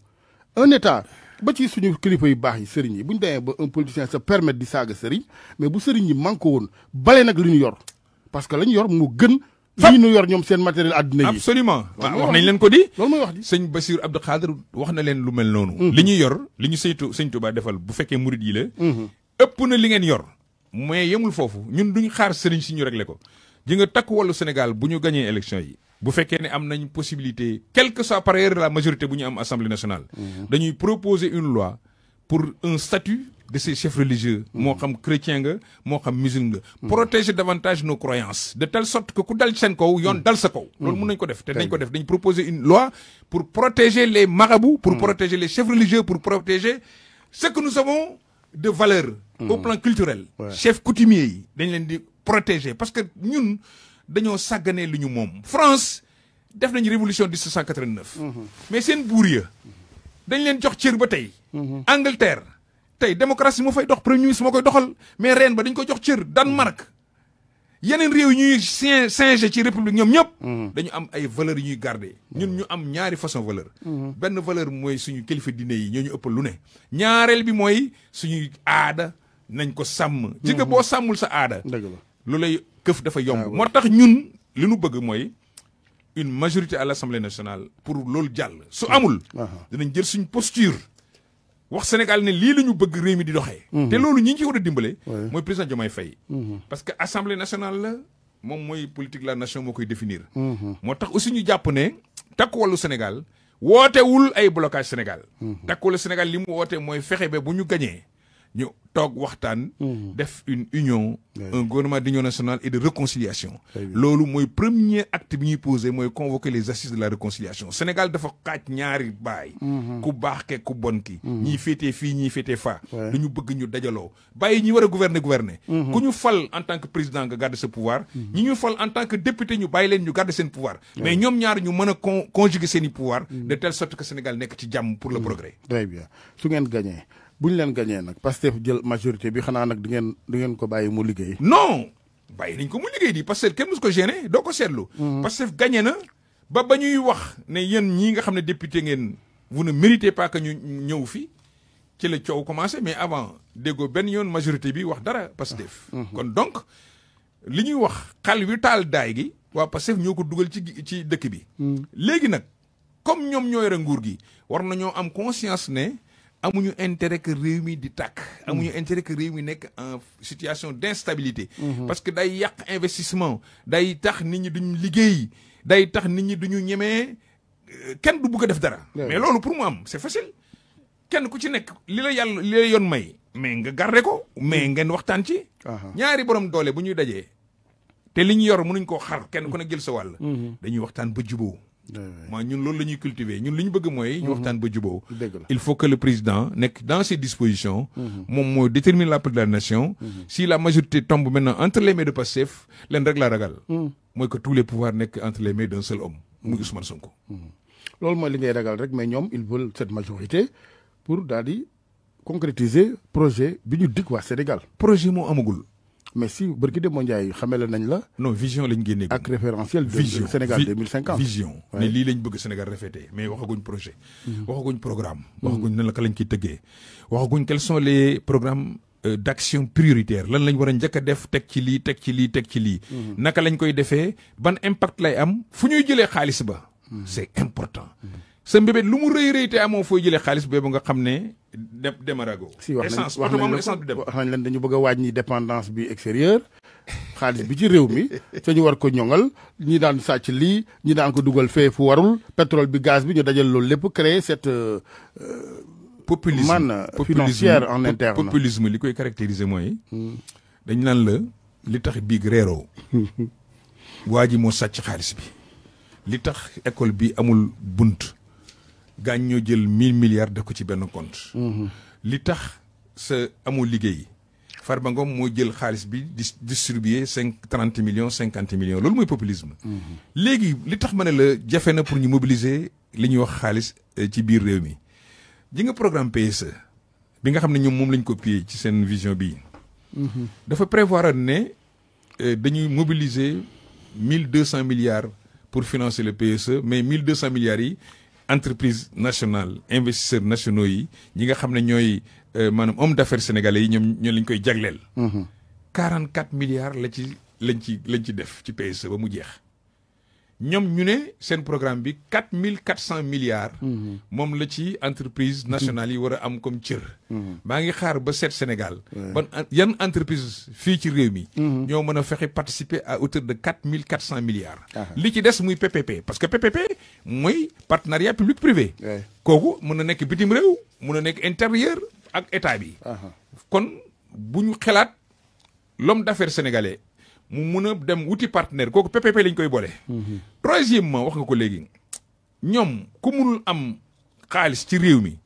un état ba ci suñu kilifa yu baax yi sëriñ yi bu ñu demee ba un politicien se permettre di saaga sëriñ mais bu sëriñ yi manqué woon bale nag li ñu yor parce que la ñu yor mu gën. lii ñu yor ñoom seen matériel àddina yi. absolument waaw wax nañ leen ko di. loolu mooy wax di sëñ Bassirou Abdou Khadre wax na leen lu mel noonu. Mhm. li ñu yor li ñu saytu sëñ Touba defal bu fekkee murid yi la. Mhm. ëpp na li ngeen yor. mais yemul foofu ñun duñ xaar sëriñ si ñu réglé ko. ji nga takk wàllu Sénégal bu ñu gagné élection yi bu fekkee ne am nañ possibilité quelle que soit par ailleurs la majorité bu ñu am assemblée nationale. Mhm. dañuy proposer une loi pour un statut de ces chefs religieux. Mhm. moo xam chrétien nga moo xam musulman nga. Mhm. protéger davantage no croyances. de telle sorte que ku dal seen kow yoon dal sa kaw. loolu mun nañ ko def te nañ ko def dañu proposer une loi pour protéger les marabouts. pour protéger les chefs religieux pour protéger ce que nous avons de valeur. au plan culturel. chefs coutumiers yi dañ leen di protéger parce que ñun. dañoo sàgganee lu ñu moom France def nañu révolution 1789 mhm. mais seen buur ya dañ leen jox cër ba tey mhm. Angleterre tey démocratie moo fay dox premier ministre moo koy doxal mais reen ba dañ ko jox cër Danemark yeneen réew ñuy sin singer ci république ñoom ñëpp mhm. dañu am ay valeurs yu ñuy garder ñun ñu am ñaari façon valeur benn valeur mooy suñu kilifa diine yi ñoo ñu ëppal lu ne ñaareel bi mooy suñuy aada nañ ko sàmm ci boo sàmmul sa aada lu këf dafa yomb ah, moo tax ñun li nu bëgg mooy une majorité à l'Assemblée nationale pour loolu jàll su ah. amul ah. dinañ jël suñ posture wax Sénégal ne lii la ñu bëgg réew mi di doxee mhm. te loolu ñi ñu ci war a dimbale mooy président Diomaye Faye mhm. parce que Assemblée nationale la moom mooy politique la nation moo koy définir mhm. moo tax aussi ñu jàpp ne takk wàllu Sénégal wootewul ay blocage Sénégal takk wàllu Sénégal li mu woote mooy fexe ba bu ñu gañee ñu toog waxtaan. Mhm. def une union. un gouvernement d'union nationale et de réconciliation. loolu mooy premier acte bi ñuy posé mooy convoquer les assises de la réconciliation Sénégal dafa xaaj ñaari baay. Mhm. ku baax ke ku bon ki. Mhm. ñii féetee fii ñii féetee faa. lu ñu bëgg ñu dajaloo bàyyi ñi war a gouverner gouverner. ku ñu fal en tant que président nga garder sa pouvoir. ñi ñu fal en tant que député ñu bàyyi leen ñu garder seen pouvoir. mais ñoom ñaar ñu mën a con conjuguer seen i pouvoir. de telle ci jàmm pour le progrès. très bien su ngeen gagné. bu ñu leen gañee nag Pastef jël majorité bi xanaa nag di ngeen ngeen ko bàyyi mu liggéey. non bàyyi nañ ko mu liggéey di Pastef kenn mës ko gêné doo ko seetlu. Mhm. Pastef gañe na ba ba ñuy wax ne yéen ñii nga xam ne député ngeen vous ne méritez pas que ñu ñëw fi ci la coow commencé mais avant déggoo benn yoon majorité bi wax dara Pastef. Ah. Mhm. kon donc li ñuy wax xal wi taal daay gi waa Pastef ñoo ko dugal ci ci dëkk bi. Mhm. léegi nag comme ñoom ñoo yore nguur gi war nañoo am conscience ne. amuñu intérêt que réew mi di tàkk mm. amuñu intérêt que réew mi nekk en situation d'instabilité mm-hmm. parce que day yàq investissement day tax nit ñi ñu liggéey day tax nit ñi du duñu ñemee euh, kenn du bëgg def dara mais loolu pour mu am c'est facile kenn ku ci nekk li la yàlla li la yoon may mais nga garde ko mais mm. ngeen waxtaan ci ñaari borom doole bu ñuy dajee te li ñu yor mënuñ koo xar kenn ku ne jël sa wàll mm-hmm. dañuy waxtaan ba juboo mooy ñun loolu la ñuy cultiver ñun li ñu bëgg mooy. ñu mhm. waxtaan ba juboo il faut que le président nekk dans ses dispositions. Mhm. moom moo détermine l'appel de la nation. Mhm. si la majorité tombe maintenant entre les mains de Pastef leen rek laa ragal. mooy que tous les pouvoirs nekk entre les mains d'un seul homme muy Ousmane Sonko. loolu mooy li ngay ragal rek mais ñoom ils veulent cette majorité pour daal di concrétiser projet bi ñu dig waa Sénégal. projet moo amagul. mais si bërki de moo njaay nañ la non vision lañ génnee ak référentiel vision Sénégal 2050 vision ne lii lañ bëgg Sénégal refété mais waxaguñ projet mhm. waxaguñ programme mhm. waxaguñ nan la ka lañ koy tëggee waxaguñ quels sont les programmes euh, d' prioritaire lan lañ war a njëkk a def teg ci lii teg ci lii teg ci lii mhm. naka lañ koy defee ban impact lay am fu ñuy jëlee xaalis ba c' est important sa mbébét lu mu rëy rëy te amoo fooy jëlee xaalis boobu nga xam ne dem demarago. si wax nañ wax nañ leen dañu bëgg a wàññi dépendance bi extérieur xaalis bi ci réew mi te ñu war ko ñoŋal ñi daan sàcc lii ñi daan ko dugal fee fu warul pétrole bi gaz bi ñu dajal loolu lépp créer cette. Euh, populisme man financière en interne populisme li koy caractériser mooy. Hmm. dañ naan la li tax biig reeroo waa ji moo sàcc xaalis bi. li tax école bi amul bunt. gaañ ñoo jël mille milliards def ko ci benn compte. Mhm. li tax sa amul liggéey. Farba Ngom moo jël xaalis bi di distribuer cinq trente millions cinquante millions loolu mooy populisme. Mhm. léegi li tax ma ne la jafe na pour ñu mobiliser li ñuy wax xaalis euh, ci biir réew mi. ji nga programme PSE bi nga xam ne ñoom moom lañ copier ci seen vision bii. Mhm. dafa prévoir ne euh, dañuy mobiliser mille deux cent milliards pour financer le PSE mais mille deux cent milliards yi. entreprise nationale investisseurs nationaux yi ñi nga xam ne ñooy euh, maanaam homme d'affaires sénégalais yi ñoom ñoo lañ koy jagleel. 44 mm-hmm. milliards la ci lañ ci lañ ci def ci PSE ba mu jeex. ñoom ñu ne seen programme bi quatre mille quatre cent milliards. Mhm. moom la ci entreprise nationale yi war a am comme cër. Mhm. maa ngi xaar ba seet Sénégal. ban yan entreprise fii ci réew mi. Mhm. ñoo mën a fexe participer à de quatre mille quatre cent milliards. Ah. li ci des muy PPP parce que PPP muy partenariat public privé. kooku mën na nekk bitim réew mën a nekk intérieur ak état bi. Ah. kon bu ñu xalaat l'homme d'affaires sénégalais. mu mun a dem wuti partenaire kooku PPP lañ koy boole. Mhm. troisièmement wax nga ko léegi ñoom ku munul am xaalis ci réew mi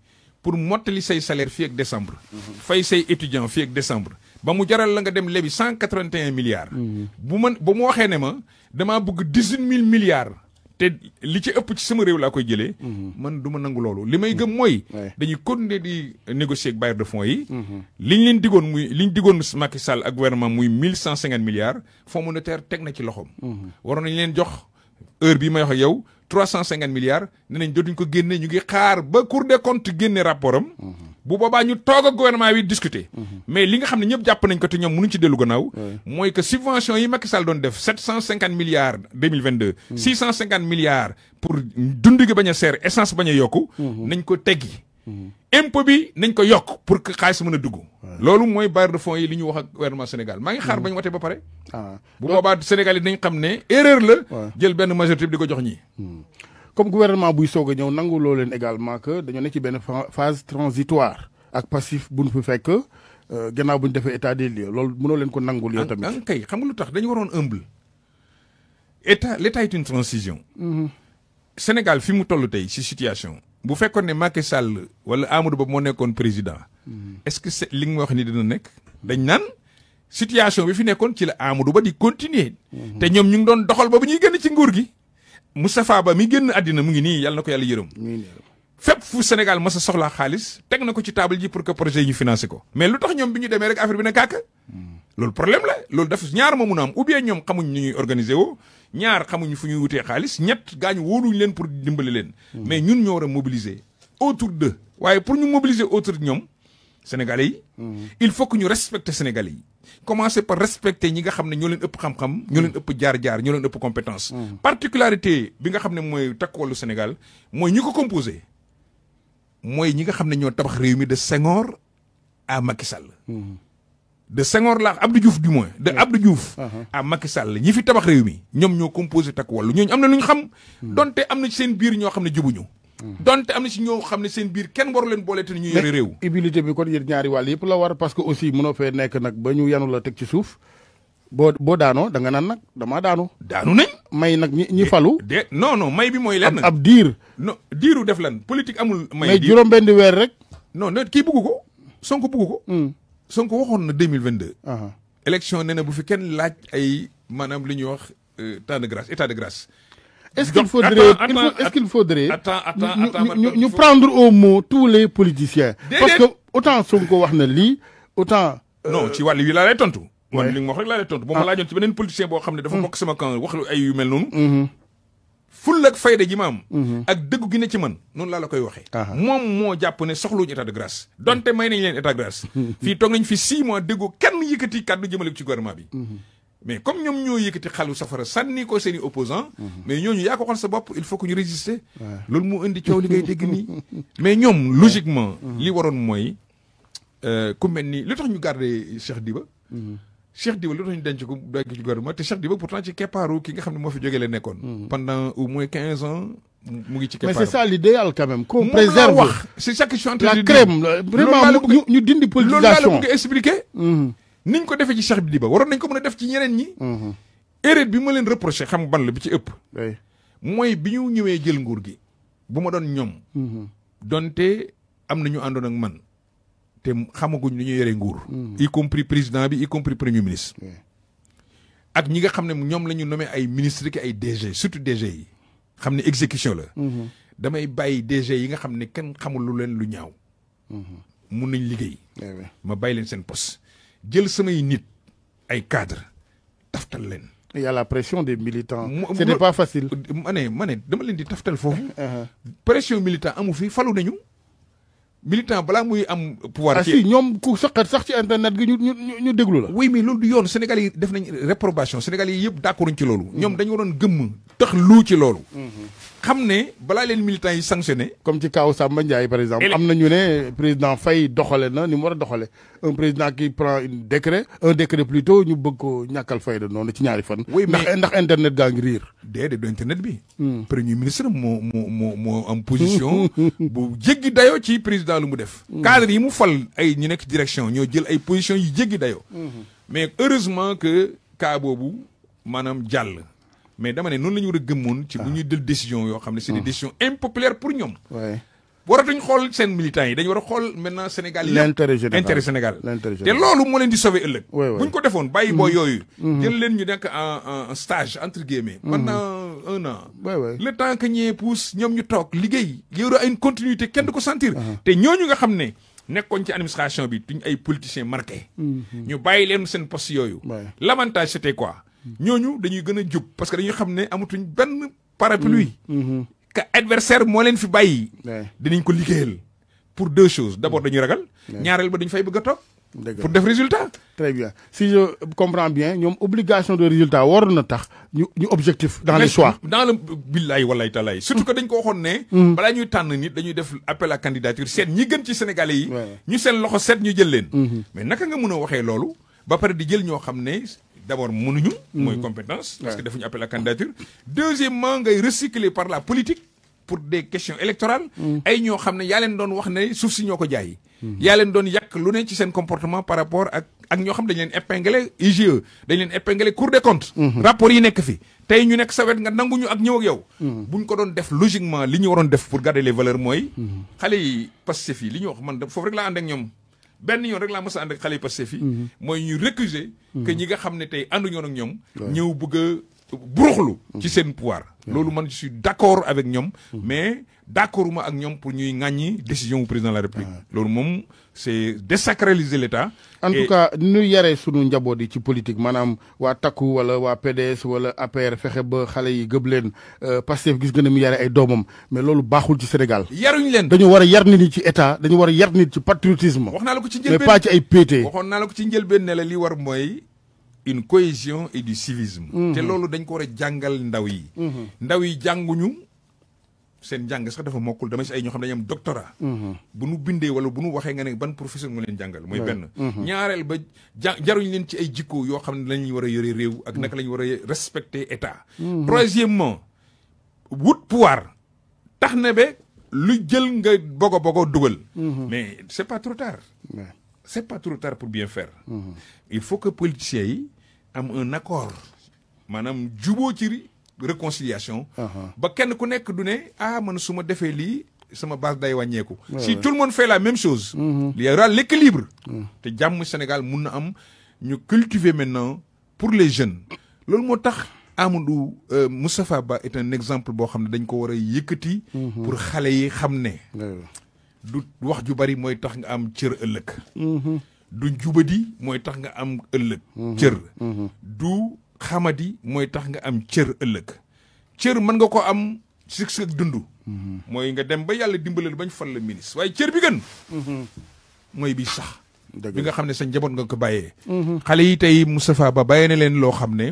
pour mottali say salaire fii ak décembre. Mhm. fay say étudiant fii ak décembre. ba mu jaral la nga dem lebi cent quatre-vingt-un mhm. bu man ba mu waxee ne ma damaa bëgg dix-huit mille milliards. te li ci ëpp ci sama réew laa koy jëlee. Mhm. man du ma nangu loolu li may gëm mooy. Mhm. dañuy continuer di négocier ak de fonds yi. li mhm. liñ leen digoon muy liñ digoon Macky Sall ak gouvernement muy mille cent cinquante milliards fonds monétaire teg na ci loxoom. waroon nañ leen jox heure bi ma wax ak yow trois cent cinquante milliards nee nañ jotuñ ko génnee ñu ngi xaar ba Cour des comptes génne rapport am. bu boobaa ñu toog ak gouvernement bi discuter. mais li nga xam ne ñëpp jàpp nañ ko te ñoom mënuñ ci dellu gannaaw. mooy que subvention yi Macky Sall doon def sept cent cinquante milliards deux mille vingt deux. Mm. six cent cinquante milliards pour dund bañ a seer essence bañ a yokku. Mm-hmm. nañ ko teggi. Mm-hmm. impôt bi nañ ko yokk pour que xaalis mën a dugg. loolu mooy barre de fonds yi li ñu wax ak gouvernement Sénégal maa ngi xaar mm-hmm. bañ ñu watee ba pare. Ah. bu boobaa Sénégal yi nañ xam ne erreur la. jël benn majorité bi di ko jox ñii. Mm. comme gouvernement buy soog a ñëw nangu loo leen également que dañoo ne ci benn phase transitoire ak passif bu ñu fi fekk euh, gannaaw bu ñu defee état des lieux loolu mënoo leen ko nangul yow tamit. an kay xam nga lu tax dañu waroon humble état l' état est une transition. Mm-hmm. Sénégal fi mu toll tey si situation. bu fekkoon ne Macky Sall wala Amadou Ba moo nekkoon président. Mm-hmm. est-ce que li nga wax ni dina nekk. dañ naan situation bi fi nekkoon ci la Amadou Ba di continuer. Mm-hmm. te ñoom ñu ngi doon doxal ba bu ñuy génn ci nguu gi. Moustapha Ba mi génn àddina mu ngi nii yàlla ko yàlla yërëm fépp fu Sénégal mas a soxlaa xaalis teg na ko ci table ji pour que projet yi ñu financé ko mais lu tax ñoom bi ñu demee rek affaire bi ne kàkk hmm. loolu problème la loolu def ñaar ma mun a am ou ñoom xamuñ ni ñuy organiser ñaar xamuñu fu ñuy wutee xaalis ñett gaañu wóoluñ leen pour dimbali leen hmm. mais ñun ñoo war a mobiliser autour de waaye pour ñu mobiliser autour de ñoom sénégal yi. Mm-hmm. il faut que ñu respecter sénégal yi. commencer par respecter ñi nga xam ne ñoo leen ëpp xam-xam. ñoo leen ëpp jaar-jaar ñoo leen ëpp compétence. Mm-hmm. particularité bi nga xam ne mooy takk wàllu Sénégal mooy ñi ko composé mooy ñi nga xam ne ñoo tabax réew mi de Senghor à Macky Sall. Mm-hmm. de Senghor laax Abdou Diouf du moins de Abdou Diouf. Uh-huh. à Macky Sall ñi fi tabax réew mi ñoom ñoo composé takk wàllu ñooñu am na lu ñu xam. donte am na ci seen biir ñoo xam ne jubuñu. donte am na si ñëw xam ne seen biir kenn waru leen boole te ñu yore réew. humilité bi kon yéen ñaari wàll yëpp la war parce que aussi mënoo fee nekk nag ba ñu yanu la teg ci suuf boo boo daanoo da nga naan nag damaa daanu. daanu nañ. may nag ñi ñi falu. de non non may bi mooy. lenn ab diir. non diiru def lan politique amul. may diir mais juróom benn weer rek. non non kii bugg ko Sonko bugg ko. Hmm. Sonko waxoon na deux mille vingt deux. élection nee na bu fi kenn laaj ay maanaam li ñuy wax état euh, de grâce état de Est-ce qu'il faudrait, est-ce qu'il faudrait prendre au mot tous les politiciens Parce que autant Sonko wax na lii autant. Euh, non ci wàll wi laa lay tontu. wàll li nga wax rek laa lay tontu. boo ma ah. laajoon ci beneen politicien boo xam ne dafa mm. bokk sama camp wax ay yu mel noonu. Mm-hmm. ful ak fayda ji ma am. Mm-hmm. ak déggu gi ne ci man noonu laa la koy waxee. Ah. moom moo jàpp ne soxluñu état de grâce. donte may nañ leen état mm-hmm. fii toog nañ fi six mois déggu kenn yëkkati kàddu jëmale ci gouvernement bi. mais comme ñoom ñoo yëkkati xalu safara sànni ko seen i opposant mhm. mais ñooñu yaa ko xool sa bopp il faut que ñu résister loolu mu indi coow li ngay dégg nii mais ñoom logiquement mhm. li waroon mooy euh, ku mel ni lu tax ñu garder Cheikh Diba mhm. Cheikh Diba lu tax ñu denc ko denc ci gouvernement te Cheikh Diba pourtant ci keppaaru ki nga xam ne moo fi jógee la nekkoon pendant au moins quinze ans mu ngi ci keppaaru mais c'est ça l'idéal quand wax c'est ça que je suis en train de dire dindi politisation loolu laa niñ ko defee ci Cheikh bi di ba waroon nañ ko mën a def ci ñeneen ñi. Mhm. erreur bi ma leen reproché xam ban la bi ci ëpp. mooy bi ñu ñëwee jël nguur gi. bu ma doon ñoom. Mhm. donte am na ñu àndoon man. te xamaguñ lu ñu yore nguur. Mhm. y compris président bi y compris premier ministre. ak ñi nga xam ne ñoom la ñu nommé ay ministre ki ay DG surtout DG yi. xam ne exécution la. damay bàyyi DG yi nga xam ne kenn xamul lu leen lu ñaaw. mun nañ liggéey. ma bàyyi leen seen poste. jël samay nit ay cadre taftal leen. il y la pression de militants. ce n'est pas facile. ma dama leen di taftal foofu. Uh-huh. pression militant amu fi falu nañu. militant balaa muy am pouvoir. ah si ñoom ku saqat sax ci internet gi ñu ñu ñu déglu la. oui mais loolu du yoon Sénégal yi def nañ réprobation Sénégal yi yëpp d'accord ci loolu. ñoom dañu waroon gëmm. tax lu ci loolu. Mm-hmm. xam ne balaa leen militants yi sanctionné. comme ci kaw Samba Ndiaye par exemple. am na ñu ne président fay doxale na ni mu war a doxale un président qui prend une décret un décret plutôt ñu bëgg ko ñàkkal fayda noonu ci ñaari fan. oui ndax internet gaa ngi riir. déedéet du internet bi. Hmm. premier ministre moo moo moo moo am position. bu jéggi dayoo ci président lu mu def. Hmm. cadre yi mu fal ay ñu nekk direction ñoo jël ay position yu jéggi dayoo. Hmm. mais heureusement que cas boobu maanaam jàll. mais dama ne noonu la war a gëmmoon ci bu ah. ñuy jël décision yoo xam ne c'est des ah. décisions impopulaires pour ñoom waratuñ xool seen militants yi dañu war a xool maintenant Sénégal yi l'intérêt général intérêt Sénégal te loolu moo leen di sauver ëllëg bu ñu ko defoon bàyyi boo mm-hmm. yooyu mm-hmm. jël leen ñu nekk en stage entre guillemets mm-hmm. pendant un an le temps que ñee pousse ñoom ñu toog liggéey yoru ay une continuité kenn ko sentir uh-huh. te ñooñu nga xam ne nekkoon ci administration bi duñ ay politiciens marqués ñu bàyyi leen seen poste yooyu l'avantage c'était quoi ñooñu dañuy gën a jub parce que dañuy xam ne amatuñ benn parapluie ka mm, mm-hmm. adversaire moo leen fi bàyyi dinañ ko liggéeyal pour deux choses d'abord dañuy ragal ñaareel ba dañu fay bëgg a toog pour def résultat très bien si je comprends bien ñoom obligation de résultat waroon na tax ñu ñu objectif dans les choix dans le billaay wallaay talaay mm. surtout que dañ ko waxoon ne mm. balaa ñuy tànn nit dañuy def appel à candidature seet ñi gën ci sénégalais yi ñu seen loxo seet ñu jël leen mm-hmm. mais naka nga mën a waxee loolu ba pare di jël ñoo xam ne d'abord mënuñu. mooy mm-hmm. compétence. parce que defuñu appel à candidature. deuxièmement ngay recycler par la politique. pour des questions électorales. Mm-hmm. ay ñoo xam ne yaa leen doon wax ne suuf si ñoo ko jaay. Mm-hmm. yaa leen doon yàq lu ne ci seen comportement par rapport ak ñoo xam dañ leen épinglé IGE dañ leen épinglé Cour des comptes. rapport yi nekk fi tey ñu nekk sa wet nga nanguñu ak ñëw ak yow. ñu ko doon def logiquement li ñu waroon def pour garder les mooy. xale yi Pastef li ñu wax man foofu rek laa ànd ñoom. benn ñoon rek laa mës a ànd ak xale yi Pastef yi mooy ñu récuser mhm. que ñi nga xam ne tey ànduñoon ak ñoom ñëw bëgg buruxlu ci mhm. seen pouvoir mhm. loolu man je suis d'accord avec ñoom mais d'accorduma ak ñoom pour ñuy ŋàññi décision bu président de la république ah. loolu moom c'est désacraliser l'État en tout cas nu yare sunu njaboot yi ci politique maanaam waa takku wala waa PDS wala APR fexe ba xale yi gëb leen euh, Pastef gis nga ne mu yare ay doomam mais loolu baaxul ci Sénégal yaruñ leen dañu war yar nit ñi ci état dañu war yar nit ci patriotisme wax naa la ko ci njëlbeen mais pas ci ay péete waxoon naa ko ci njëlbeen ne la li mooy une cohésion et du civisme. Mhm. te loolu dañ ko war a jàngal ndaw yi. Mhm. ndaw yi jànguñu. seen jàng sax dafa mokkul dama si ay ñoo xam ne dañu doctorat. Mhm. bu nu bindee wala bu nu waxee nga ne ban professeur nga leen jàngal. mooy benn ñaareel ba ja jaruñ leen ci ay jikko yoo xam ne lañuy war a yore réew. ak naka la ñu war a respecter état. troisièmement wut pouvoir tax na ba lu jël nga bogo bogo dugal. mais c'est pas trop tard. c'est pas trop tard pour bien am un accord maanaam juboo ci réconciliation uh-huh. ba kenn ku nekk du ne ah man su ma defee lii sama base day wàññeeku si tout le monde la même chose mm-hmm. il y aura l'équilibre mm. te jàmm Sénégal mun na am ñu cultiver maintenant pour les jeunes loolu moo tax Amadou euh, Moustapha Ba est un exemple boo xam ne dañ ko war a yëkkati mm-hmm. xale yi xam ne du wax ju bari mooy tax nga am cër ëllëg mm-hmm. du jubadi mooy tax nga am ëllëg mhm. cër mhm. du xamadi mooy tax nga am cër ëllëg cër mën nga ko am succès ak dund mhm. mooy nga dem ba yàlla dimbalal bañ fal la ministre waaye cër bi gën mooy bi sax bi nga xam ne sa njaboot nga ko bàyyee xale yi tey Moustapha Ba bàyyee na leen loo xam ne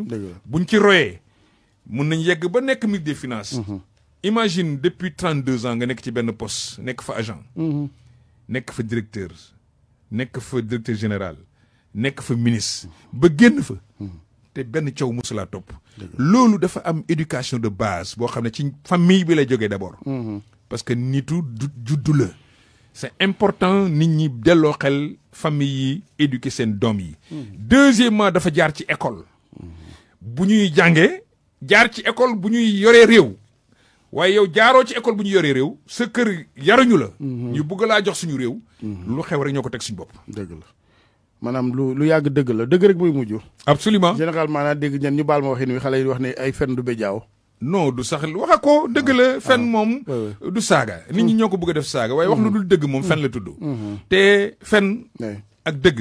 buñ ci royee mun nañ yegg ba nekk ministre des finances imagine depuis trent deux ans nga nekk ci benn poste nekk fa agent nekk fa directeur nekk fa directeur général nekk fa ministre ba génn fa te benn coow mosulaa topp loolu dafa am éducation de base boo xam ne ci famille bi lay jógee d'abord parce que nitu du juddu la c'est important nit ñi delloo xel famille yi éduquer seen doom yi deuxièmement dafa jaar ci école bu ñuy jàngee jaar ci école bu ñuy yoree réew waaye yow jaaroo ci école bu ñu yoree réew sa kër yaruñu la. Mhm. ñu bëgg laa jox suñu réew. Mhm. lu xew rek ñoo ko teg si bopp. dëgg la maanaam lu lu yàgg dëgg la dëgg rek muy mujj. absolument généralement naa dégg ñenn ñu baal ma waxin wi xale yi wax ne ay fen du bejaaw. non du sax waxa ko dëgg la ah. fen moom ah. du saaga nit ñi mm. ñoo ko bëgg def saaga waaye wax lu mm. dul dëgg moom fen la tudd mm-hmm. Mm-hmm. te fen ak dëgg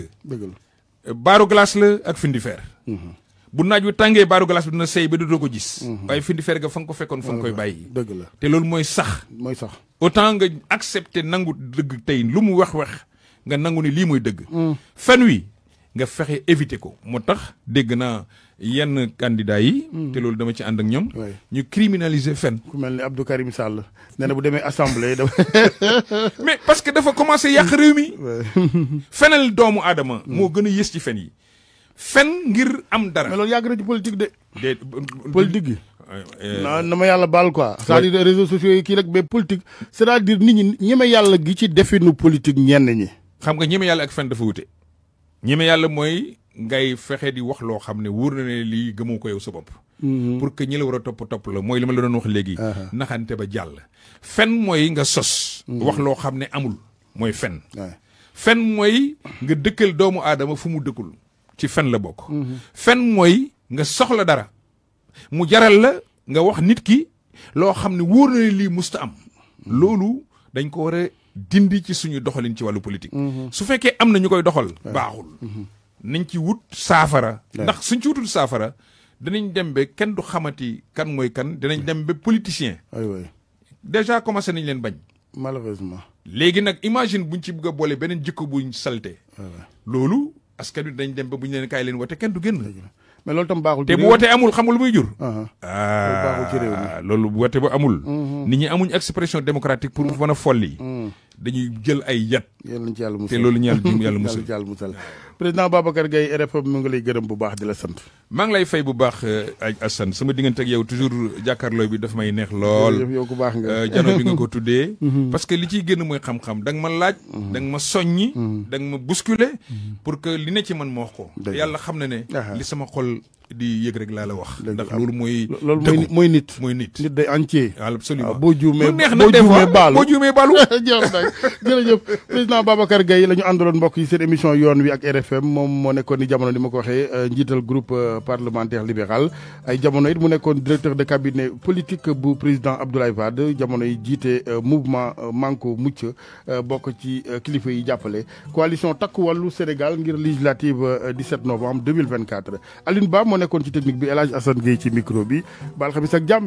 baaru glace la ak findi feer mm-hmm. bu naaj wi tàngee baaru glace bi dina sey ba dootoo ko gis. Mhm. waaye fi mu ferga fa nga ko fekkoon fa nga koy bàyyi. dëgg la te loolu mooy sax. mooy sax autant nga accepter nangu dëgg tey lu mu wax wax nga nangu ni lii mooy dëgg. Mm. fen wi nga fexe éviter ko moo tax dégg na yenn candidat yi. Mm. te loolu dama ci ànd ak ñoom. ñu criminaliser fen. ku mel ni Abdou Karim Sall. nee na bu demee assemblée. mais parce que dafa commencé yàq réew mi. fenal doomu aadama. moo gën a yées ci fen yi. fen ngir am dara. mais loolu yàgg na politique de. de politique gi. Euh, yàlla baal quoi. c'est-à-dire réseaux sociaux yi kii rek mais politique. c'est-à-dire nit ñi ñeme yàlla gi ci definu politique ñenn ñi. xam nga ñeme yàlla ak fen dafa wute. ñeme yàlla mooy ngay fexe di wax loo xam ne wóor na ne lii gëmoo ko yow sa bopp. Mhm. pour que ñi la war a topp topp la mooy li ma la doon wax léegi. naxante ba jàll. fen mooy nga sos. Mhm. wax loo xam ne amul. mooy fen. fen mooy nga dëkkal doomu aadama fu mu dëkkul. ci fen la bokk. Mhm. fen mooy nga soxla dara mu jaral la nga wax nit ki loo xam ne wóor na lii musta am. loolu dañ ko war a dindi ci suñu doxalin ci wàllu politique. Mhm. su fekkee am na ñu koy doxal. baaxul mhm. nañ ci wut saafara. ndax suñ ci wutul saafara danañ dem be kenn du xamati kan mooy kan danañ dem ba politicien. déjà commencé nañ leen bañ. malheureusement. léegi nag imagine buñ ci bëgg a boole beneen jikko buñ salte loolu. askan wi dañ dem ba bu ñu leen kaay leen wote kenn du génn. mais loolu tam baaxul te bu wote amul xam nga lu muy ah, ah, loolu baaxul ci réew mi loolu bu amul. Mm-hmm. nit ñi amuñ expression démocratique pour mm-hmm. mën a folli. Mm-hmm. dañuy jël ay yat. yàlla yàlla musal te loolu ñu yàlla musal yàlla musal président Babacar Gaye RFM mu ngi lay gërëm bu baax di la sant. maa ngi lay fay bu baax eh, ak Assane sama diggante ak yow toujours jàkkaarloo bi daf may neex lool. yow ku baax nga eh, bi nga ko tuddee. Mhm. parce que li ciy génn mooy xam-xam da ma laaj. Mhm. danga ma soññi. Mhm. da nga ma bousculer. pour que li ne ci man ma wax ko. yàlla xam na ne. li sama xol. di yëg rek laa la wax. ndax loolu mooy. loolu mooy nit mooy nit. nit day entier. absolument ah, boo juumee boo juumee ah, baalu boo juumee baalu. jërëjëf président Babacar Gueye la ñu àndaloon mbokk yi seen émission yoon wi ak RFM moom moo nekkoon ni jamono di ma ko waxee euh, njiital groupe euh, parlementaire liberal ay jamono it mu nekkoon directeur de cabinet politique bu président Abdoulaye Wade jamonoy yi jiite euh, mouvement Manko Mucc bokk ci kilifa yi jàppale coalition takk wàllu Sénégal ngir législative 17 novembre 2024 Alioune Ba moo nekkoon ci technique bi El Hadj Assane ci micro bi ba alxamis